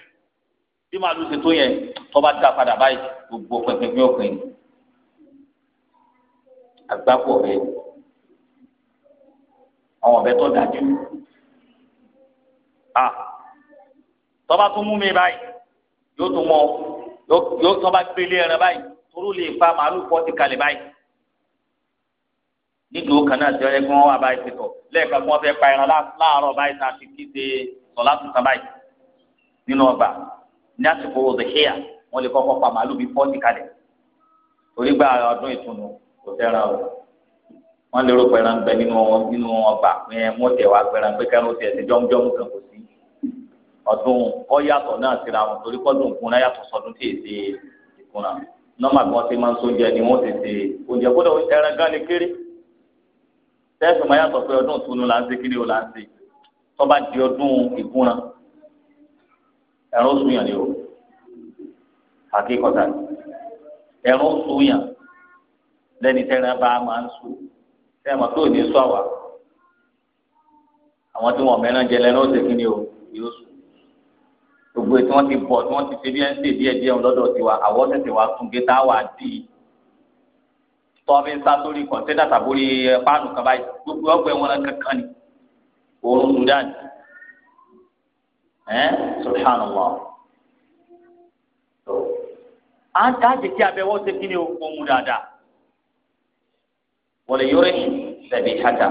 bí màálù ṣe tó yẹn tọ́ba dá padà báyìí gbogbo pẹpẹ bí ọ̀pẹ̀yìn àgbákò rẹ̀ àwọn ọ̀bẹ tó dájú a tọ́ba tó mú mi báyìí yóò tó mọ́ yóò tọ́ bá gbélé ẹran báyìí torú lè fa màálù pọ́ ti kalẹ̀ báyìí nídùú kan náà tí wọ́n yẹ kí wọ́n wà báyìí ti tọ̀ lẹ́ẹ̀kan kí wọ́n fẹ́ pa ẹran láàárọ̀ báyìí tá a ti kí ṣe sọ̀lá tuntun báyìí nínú ọgbà ní àsìkò òdìhíà wọ́n lè kọ́kọ́ pa màálù bíi pọ́ ti kalẹ̀ torí gba ọdún ìtùnú kò tẹ́ra o wọ́n lè rò pẹ̀ràn bẹ nínú ọgbà pé wọ́n tẹ̀ wá pẹ̀ràn pé kẹ́rin ó tiẹ̀ ṣe jọ́mjọ́m ọdún ọ̀yàtọ̀ náà síra wọn torí kọ́dún ìkúnra yàtọ̀ sọdún tí èsì ìkúnra nọ́mà bí wọ́n ti máa ń sóúnjẹ ni wọ́n ti ṣe oúnjẹ kódà ẹran gan ni kéré tẹ́sán máa yàtọ̀ pé ọdún ìtúnu là ń ṣe kiri o là ń ṣe tọ́ba di ọdún ìkúnra ẹran oṣù yàn ni o àkíkọ̀tà ẹran oṣù yàn lẹ́ni tẹ́ran bá máa ń sùn tẹ́ tó ní sọ àwọn tí wọ́n mẹ́ràn jẹ lẹ́nu ó ṣe kiri o yóò sùn gbogbo ètò wọn ti bọ̀ tí wọ́n ti ṣe bí ẹ̀ ń ṣe díẹ̀ díẹ̀ lọ́dọ̀ tiwa àwọn tẹ̀sẹ̀ wa tún gé tá a wà dì í tọ́ọ̀bí ń sá sórí kọ̀ńténà tàbórí eh, páànù kan báyìí gbogbo ọgbẹ́ wọn kankan ni oorun Sudan ẹ̀ subhanallah a ń dáàjẹ kí abẹ́wọ́ ṣe kí ni o mu dáadáa wọlé yọrọ yìí sẹbi hàjà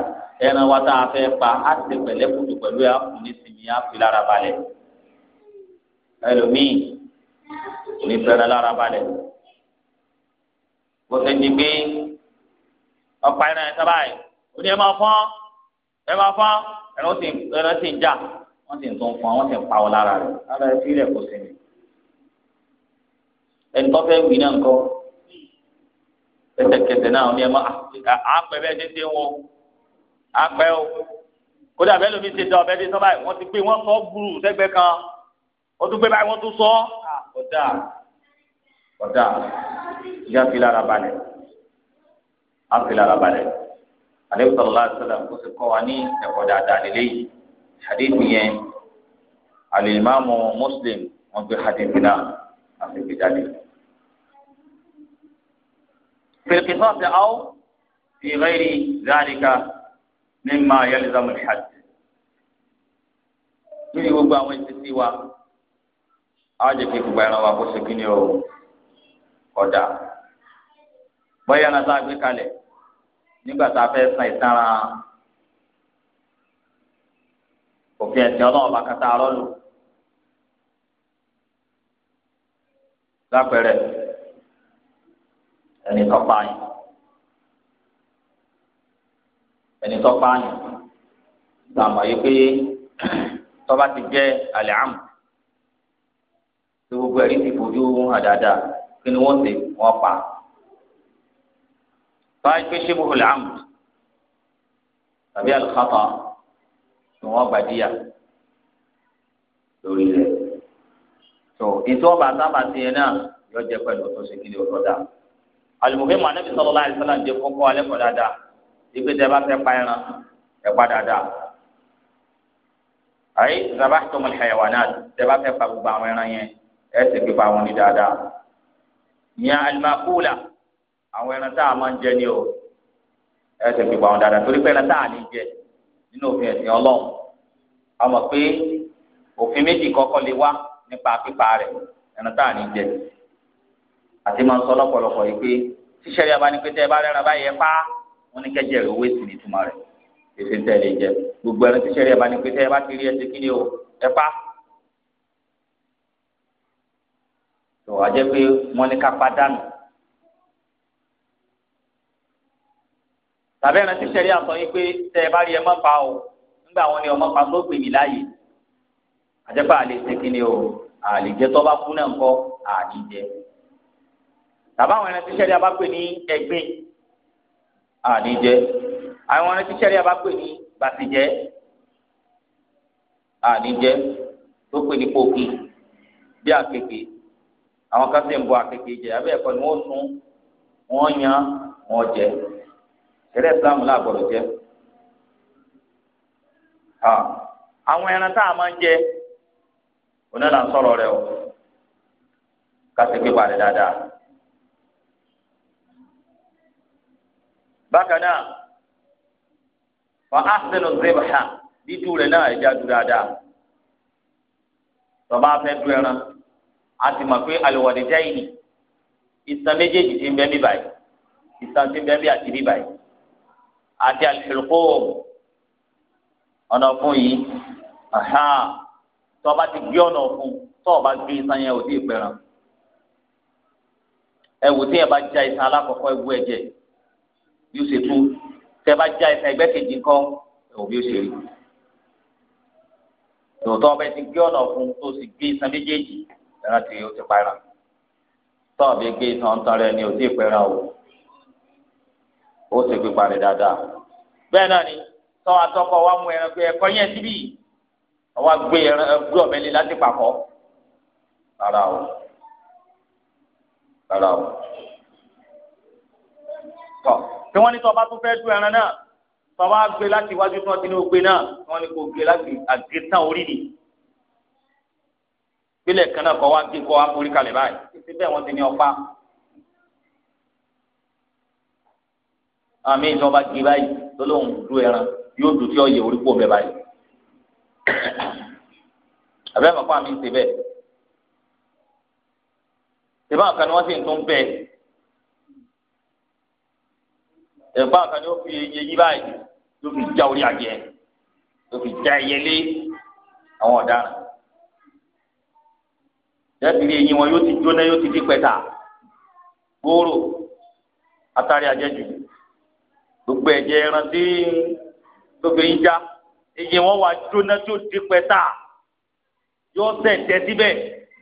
ẹran wa tá a fẹ́ pa á ti pẹ̀lẹ́ kùtù pẹ̀lú ẹ̀ á kùn ní sinmi á fi lára balẹ̀ ẹlòmíì ní fẹ́ràn lára balẹ̀ bó ṣe ti gbé ọ̀pá ẹran ẹ̀ sábà yìí ó ní ẹ máa fọ́n ẹ máa fọ́n ẹran sì ẹran sì ń jà wọ́n sì ń tó ń fọ́n wọ́n sì ń pa ọ lára rẹ̀ lára ẹ sílẹ̀ kò sí mi ẹni tó fẹ́ wí náà ń kọ́ ẹsẹ̀kẹsẹ̀ náà ó ní ẹ máa àpẹ bẹ́ẹ̀ ṣe ṣe ń wo àpẹ o kódà bẹ́ẹ̀ lómi ṣe dán ọbẹ̀ dé sábà yìí wọ́n ti gbé wọ́n sọ gbúrú sẹ́gbẹ́ kan wọ́n tún pé báyìí wọ́n tún sọ ọ̀dà ọ̀dà ìyá fi lára balẹ̀ á fi lára balẹ̀ àlẹ́kùn sọ̀rọ̀lá sọ̀rọ̀ kó sì kọ́ wa ní ẹ̀kọ́ dáadáa lélẹ́ yìí hadith yẹn alìmáàmù Muslim wọn gbé hadith náà àti gbé jáde. fìlìkìtàn ti àwọn fi ghairi zalika mimma yalzamu al-hadd. níbi gbogbo àwọn ìṣesí wa àwọn jẹ́ kí gbogbo ẹran wa kó ṣe kí ni o ọ̀dà bọ́yá ẹran tá a gbé kalẹ̀ nígbà tá a fẹ́ san ìtara òfin ẹ̀sìn ọlọ́run bá kata arọ́lù lápẹ̀rẹ̀ ẹni tó pààyàn ẹni tó pààyàn tàmọ̀ yìí pé tọ́ba ti jẹ́ àlẹ́ àmù tí gbogbo ẹ̀rí ti fojú hàn dáadáa kí ni wọ́n ṣe wọ́n pa. báyìí pé ṣé bóhùn làámù tàbí àlùkàtà ni wọ́n gbàdíyà lórí rẹ̀. tó ètò ọba àtàbà ti yẹn náà yọ jẹ pẹ̀lú tó ṣe kíni ọ̀tọ̀ dáa. àlùmọ̀fẹ́ mọ̀ anábì sọ̀rọ̀ láì sọ́lá ń jẹ kókó alẹ́ kọ̀ dáadáa ibi tẹ́ bá fẹ́ pa ẹran ẹ̀ pa dáadáa ayi zabahtumul hayawanat tẹ́ bá fẹ́ pa gbogbo àwọn ẹran yẹn ẹ sì gbé fáwọn ní dáadáa ìyẹn alimakula àwọn ẹran tá a máa ń jẹ ní o ẹ sì gbé fáwọn dáadáa torí pé ẹran tá a lè jẹ nínú òfin ẹ̀sìn ọlọ́run a mọ̀ pé òfin méjì kọ́kọ́ lè wá nípa pípa rẹ̀ ẹran tá a lè jẹ àti máa ń sọ lọ́pọ̀lọpọ̀ yìí pé ṣíṣẹ́rí abánikẹ́tẹ́ bá rẹ́ran báyìí ẹ pa wọn ní kẹ́jẹ́ rẹ̀ owó èsì nítumọ̀ rẹ̀ èsì tẹ̀lé jẹ gbogbo ẹran ṣíṣẹ́rí abánikẹ́tẹ́ bá ti rí ẹsẹ̀ kí ni o ẹ pa tó wàá jẹ́ pé wọ́n ní ká padànù. tàbí ẹran tí sẹ́rí àtọ́ yín pé tẹ́ ẹ bá rí ẹ mọ́ pa o nígbà wọn ni ọmọ pa tó gbè mí láàyè àjẹpá àlè ṣe kí ni o àlè jẹ tó bá kú náà ń kọ́ àlè jẹ tàbí àwọn ẹran tí sẹ́rí àbá pè ní ẹ̀gbin àlè jẹ àwọn ẹran tí sẹ́rí àbá pè ní gbàtìjẹ àlè jẹ tó pè ní pòkì bí àkekèé. àwọn kan sì ń bọ àkekèé jẹ abẹ́ ẹ̀kọ́ ni wọ́n wọ́n yan wọ́n jẹ tẹ́lẹ̀ islam jẹ. àwọn ẹran tá a máa ń jẹ onílà ń sọ̀rọ̀ rẹ o kásìkè parí dáadáa. bákan náà fa ahsinu zibha dídú rẹ náà ẹja dúró dáadáa tọ́ fẹ́ a ti mọ̀ pé àlùwọ̀dìjà yìí ni ìtàn méjèèjì ti ń bẹ́ẹ̀ bí báyìí ìtàn ti ń bẹ́ẹ̀ bí àti bí báyìí àti àlùkò ọ̀nà fún yìí tó o bá ti gbé ọ̀nà fún tó o bá gbé iṣan yẹn ò tí ì pẹ̀ràn ẹ tí ẹ bá já iṣan alákọ̀ọ́kọ́ ẹ wú ẹ̀jẹ̀ yóò ṣe tú tẹ bá já iṣan ẹgbẹ́ kejì ńkọ́ ẹ bí ó ṣe rí tòótọ́ ọbẹ̀ ti gbé ọ̀nà fún tó o sì gbé iṣan méjèèjì ìrántí o ti para tọ́ọ̀bì gbé tọ̀ntàn rẹ ni o ti pẹ̀ràn o ó sì pípa rẹ dáadáa bẹ́ẹ̀ náà ni tọ́wọ́ atọ́kọ̀ wa mú ẹran ẹ̀kọ́ yẹn síbí ọwọ́ gbé ẹran ọ̀bẹ lé láti pàkọ́ rárá o rárá o tọ́ tí wọ́n ní tọ́ bá tún fẹ́ du ẹran náà tọ́wọ́ á gbé láti iwájú tí wọ́n ti ní o gbé náà tí wọ́n ní kò gbé láti àgé tán orí nìyí gbélé kan náà kọ́ wá gbé kọ́ wá forí kalẹ̀ báyìí títí bẹ́ẹ̀ wọ́n ti ní ọ̀pá. àmì ìjọba bá gbé báyìí tó lóun du ẹran yóò dùn tí ó yẹ orí pò bẹ́ẹ̀ báyìí. àbẹ́ màkà mi ti bẹ́ẹ̀. ìbá kan ni wọ́n sì ń tún bẹ́ẹ̀. ìbá kan ni ó fi iye yí báyìí ló fi já orí àjẹ ló fi já ẹyẹlé àwọn ọ̀daràn jẹ́bìrì eyín wọn yóò ti jóná yóò ti di pẹ̀tà gbòòrò àtàrí àjẹjù gbogbo ẹ̀jẹ̀ ẹran tí gbogbo eyín já eyín wọn wà jóná tó di pẹ̀tà yóò sẹ̀tẹ̀ síbẹ̀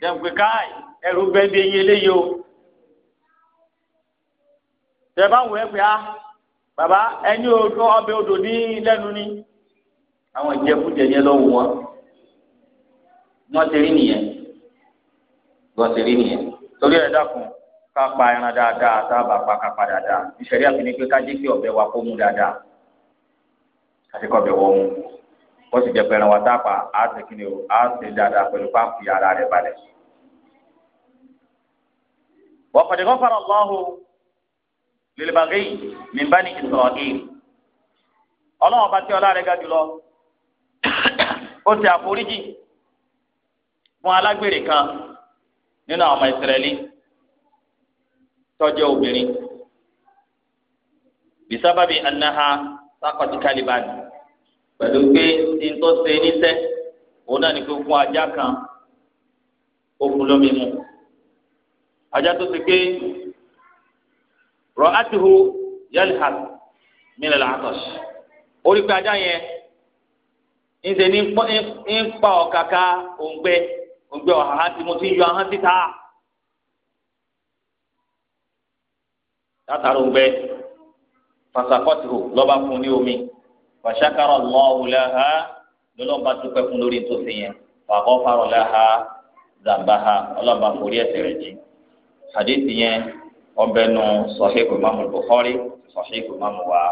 dẹ̀mùpẹ̀ káì ẹ̀rù bẹ́ẹ̀ bí eyín eléyìí o tẹ̀bá wò ẹ́ pé a ah, bàbá ẹni odò ọbẹ̀ odò ní lẹ́nu ni àwọn ìjẹkújẹ yẹn lọ́wọ́ wọn ti rí nìyẹn gbọ́sẹ̀ rí nìyẹn torí ẹ̀ dákun ká pa ẹran dáadáa tá a bá pa ká pa dáadáa ìṣẹ̀rí àfihàn pé ká jẹ́ kí ọ̀bẹ wa kó mú dáadáa àti kọ́bẹ̀ wọ́n mú wọ́n sì jẹ́ pé ẹran wa tá a pa á ṣe kí ni o á ṣe dáadáa pẹ̀lú páàpù ara rẹ̀ balẹ̀. وقد غفر الله للبغي من بني إسرائيل ọlọ́run bá tí ọlá rẹ̀ ga jùlọ ó ti àforíjì fún alágbèrè kan nínú àwọn ọmọ ìsirẹ́lì tọ́jú obìnrin bisababi anaha sakọti kalibani pẹ̀lú pé ntọ́ ṣe níṣẹ́ òun náà ní kó fún ajá kan òkun lómi mu ajá tó ti pé rọ atihu yalhas mílẹ̀ làtọ̀ṣ orí pé ajá yẹn ń ṣe ní ń pa ọ̀kàkà òǹgbẹ́ gbogbo ọ̀hán tí mo ti ń yọ ahọ́n síta látàrí òǹgbẹ fasakọ́tìrò lọ́ba fún ní omi fàṣàkàrọ̀ lọ́wọ́lá ha lọ́lọ́ba dúpẹ́ fún lórí nítòsí yẹn fàkọ́ farọ̀ láha zàmbá ha ọlọ́ba forí ẹ̀ṣẹ̀ rẹ̀ jì hadithi yẹn ọbẹ̀ nù sọ̀híhù mamu Bukhari sọ̀híhù mamu wa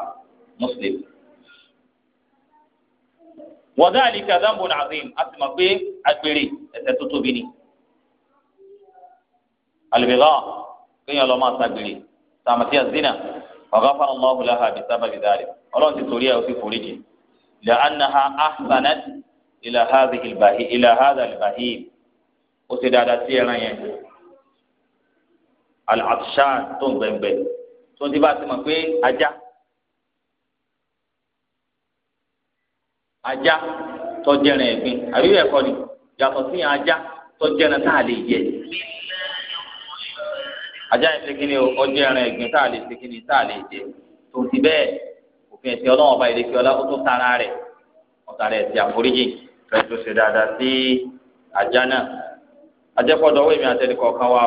Muslim wọ́dà àlìkà zambo nàzim a sì mọ̀ pé agbèrè ẹ̀ṣẹ̀ tó tóbi ni. àlùbẹ̀lá kéèyàn lọ máa ṣàgbèrè sàmàtí àzínà ọ̀gá fún ọmọ ọ̀hún láha àbí sábà bí dáre ọlọ́run ti torí ẹ̀ ó sì forí jì lẹ́ anaha ahsanat ilà hàdà ó ti dáadáa sí ẹran yẹn alàtúnṣà tó ń gbẹngbẹ tó ń ti bá ti mọ̀ pé ajá. ajá tọ́jẹ́rin ẹ̀gbin àbí bẹ́ẹ̀ kọ́ ni yàtọ̀ sí ajá tọ́jẹ́rin tá a lè yẹ ajá yẹn ṣe o ni ẹgbin tá a lè ṣe tá a lè jẹ tó ti òfin ẹ̀sìn ọlọ́run ọba ọlá tara rẹ̀ ọtara ẹ̀sìn àforíjì rẹ̀ tó ṣe dáadáa sí ajá náà ajẹ́pọ̀dọ̀ owó èmi kan wá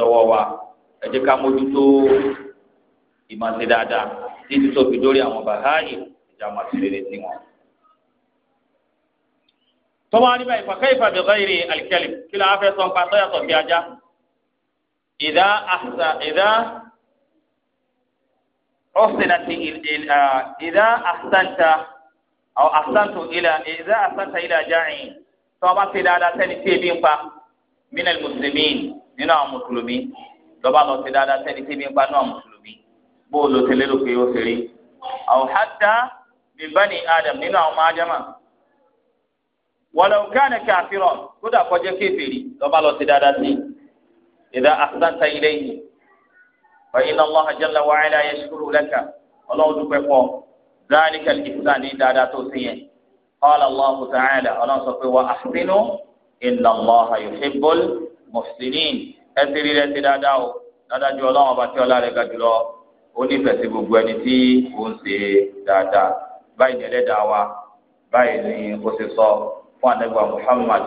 o wa ká mójútó ìmọ̀ ṣe dáadáa títí tó fi dórí àwọn ìjà máa ṣe rere tọ́wọ́ aníbàá ìfàkẹ́ ìfàbí ghairi al-kalim kí ló afẹ́ sọ́npa tọ́yàtọ̀ bí ajá ìdá àṣà ìdá ọ̀sìnàtì ìdá àṣàǹtà àwọn àṣàǹtò ìlà ìdá àṣàǹtà ìlà jáìn tọ́wọ́ bá ti dáadáa sẹ́ni tí ebi ń pa minal muslimin nínú àwọn mùsùlùmí lọ́ba lọ ti dáadáa sẹ́ni tí ebi ń pa nínú àwọn mùsùlùmí bó o lò tẹ́lẹ̀ lópin ó ṣeré àwọn walau kana kafiran kódà kó jẹ́ kèfèrí lọ́ba lọ sí dáadáa sí idha ahsanta ilayhi fa inna Allaha jalla wa ala yashkuru laka ọlọ́run dúpẹ́ pọ̀ zalika al-ihsan ní dáadáa tó sí yẹn qala Allahu ta'ala ọlọ́run sọ pé wa ahsinu inna Allaha yuhibbul muhsinin ẹsẹ̀ rí rẹ̀ sí dáadáa o dáadáa ju ọlọ́run ọba tí ọlá rẹ̀ ga jùlọ ó nífẹ̀ẹ́ sí gbogbo ẹni tí ó ń ṣe dáadáa báyìí ni ẹlẹ́dàá wa báyìí ni ó ti sọ fún anagba muhammad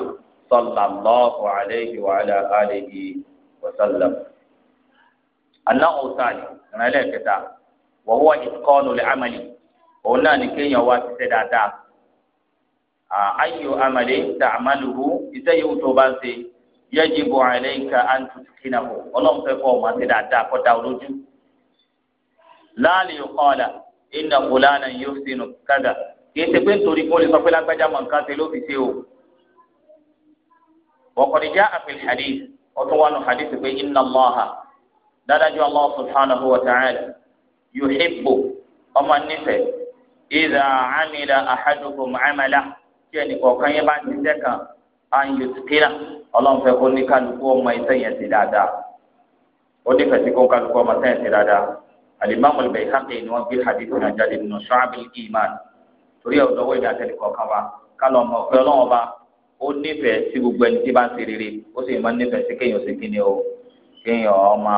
sallallahu alayhi wa ala alihi wa sallam. aná òsàlì ìrànlẹ́ kẹta wọ́n wọ́n ìkọ́nù lè amali òun náà ní kéèyàn wá ti ṣe dáadáa ayo amali tààmàlùkù iṣẹ́ yìí tó bá ń ṣe yajibu alayka an tutqinahu ọlọ́run fẹ́ kọ́ ọmọ àti dáadáa kọ́ da olójú. láàlì yóò kọ́ ọ̀la inna fulanan yóò sinú kádà kì í ṣe pé nítorí kó lè sọ pé lágbájá mọ̀ nǹkan ṣe ló fi ṣe o. wọ́kọ̀dìjà àfẹ́lẹ́ hadith ọtún wà nù hadith pé inna Allaha dáadájú Allah subhanahu wa ta'ala yuhibbu ọmọ nífẹ̀ẹ́ ìdá amila ahadukum amala tí ẹnì kọ̀ọ̀kan yẹn bá ti tẹ́ kan an yutukina ọlọ́run fẹ́ kó ní kálukú ọmọ iṣẹ́ ti dáadáa ó ní fẹ́ sí kó kálukú ọmọ iṣẹ́ ti dáadáa al-Imam al ni wọ́n gbé hadith náà jáde nínú Shu'ab torí ọ̀dọ́ owó ìdá tẹ̀lé kọ̀ọ̀kan wa kálọ̀ ọmọ ọ̀fẹ́ ọlọ́run ọba ó nífẹ̀ẹ́ sí gbogbo ẹni tí bá ń ṣe rere ó sì máa nífẹ̀ẹ́ sí kéèyàn ṣe kíni o kéèyàn ọmọ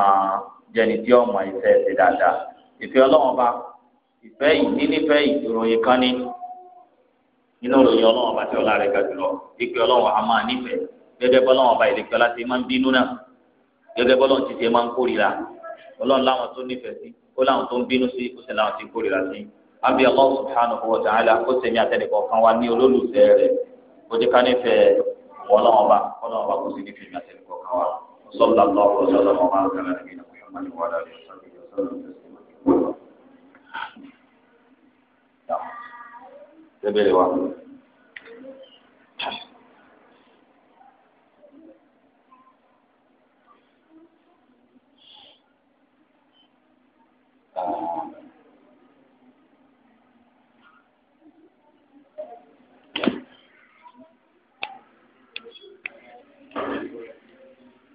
jẹni tí ọmọ ìfẹ́ ṣe dáadáa ìfẹ́ ọlọ́run ọba ìfẹ́ yìí nínífẹ́ ìròyìn kan ní inú ìròyìn ọlọ́run ọba tí ọlá rẹ̀ ga jùlọ ìfẹ́ ọlọ́run a máa nífẹ̀ẹ́ gẹ́gẹ́ bọ́lọ́run ọba ìlẹ̀kẹ́ ọlá ti máa ń bínú náà gẹ́gẹ́ bọ́lọ́run ti ti máa ń kórìíra ọlọ́run láwọn tó nífẹ̀ẹ́ sí ó láwọn tó ń bínú sí ó àbí Allah subhanahu wa ta'ala kó sèmi àtẹnìkọ̀ kan wá ní olólùfẹ́ rẹ̀ kó jẹ́ ká nífẹ̀ẹ́ wọlọ́ọ̀ba wọlọ́ọ̀ba kó sì nífẹ̀ẹ́ mi àtẹnìkọ̀ kan wá sọ́lá lọ́wọ́ sọ́lá mọ́ máa ń kálá níbi ìnáwó yẹn máa ń wá dáadé sọ́lá tẹ́bẹ̀rẹ̀ wa. Thank you.